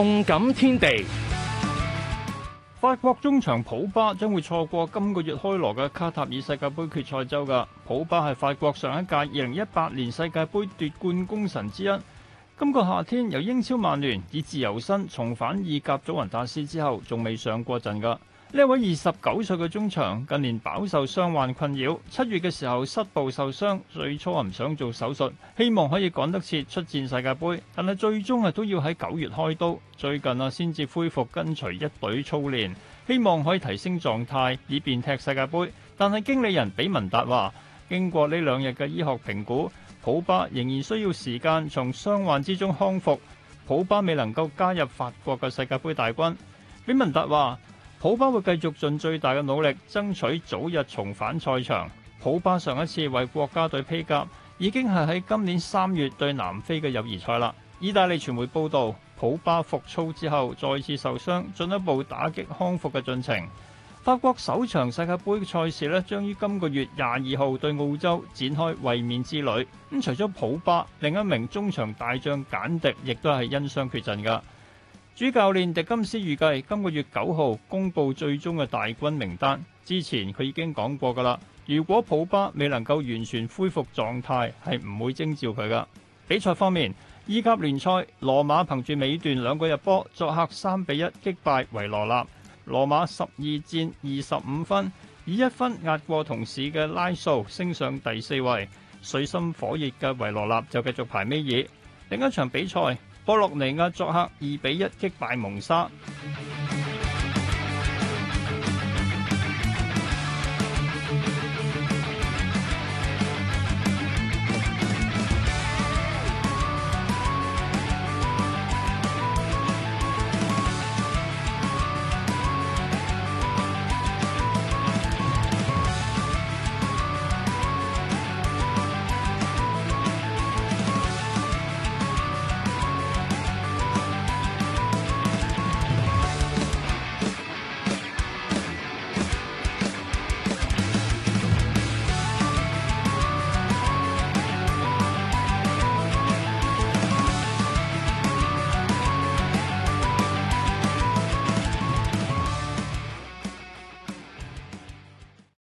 動感天地，法國中場普巴將會錯過今個月開鑼嘅卡塔爾世界杯決賽周噶。普巴係法國上一屆二零一八年世界杯奪冠功臣之一。今個夏天由英超曼聯以自由身重返意甲祖雲達斯之後，仲未上過陣噶。呢位二十九歲嘅中場近年飽受傷患困擾，七月嘅時候膝部受傷，最初唔想做手術，希望可以趕得切出戰世界杯，但係最終啊都要喺九月開刀。最近啊先至恢復跟隨一隊操練，希望可以提升狀態以便踢世界杯。但係經理人比文達話，經過呢兩日嘅醫學評估，普巴仍然需要時間從傷患之中康復，普巴未能夠加入法國嘅世界杯大軍。比文達話。普巴會繼續盡最大嘅努力，爭取早日重返賽場。普巴上一次為國家隊披甲，已經係喺今年三月對南非嘅友誼賽啦。意大利傳媒報道，普巴復操之後再次受傷，進一步打擊康復嘅進程。法國首場世界盃賽事呢，將於今個月廿二號對澳洲展開衛冕之旅。咁、嗯、除咗普巴，另一名中場大將簡迪亦都係因傷缺陣噶。主教練迪金斯預計今個月九號公布最終嘅大軍名單。之前佢已經講過㗎喇，如果普巴未能夠完全恢復狀態，係唔會徵召佢㗎。比賽方面，意甲聯賽，羅馬憑住尾段兩個入波，作客三比一擊敗維羅納。羅馬十二戰二十五分，以一分壓過同事嘅拉素，升上第四位。水深火熱嘅維羅納就繼續排尾二。另一場比賽。波洛尼亞作客二比一擊敗蒙沙。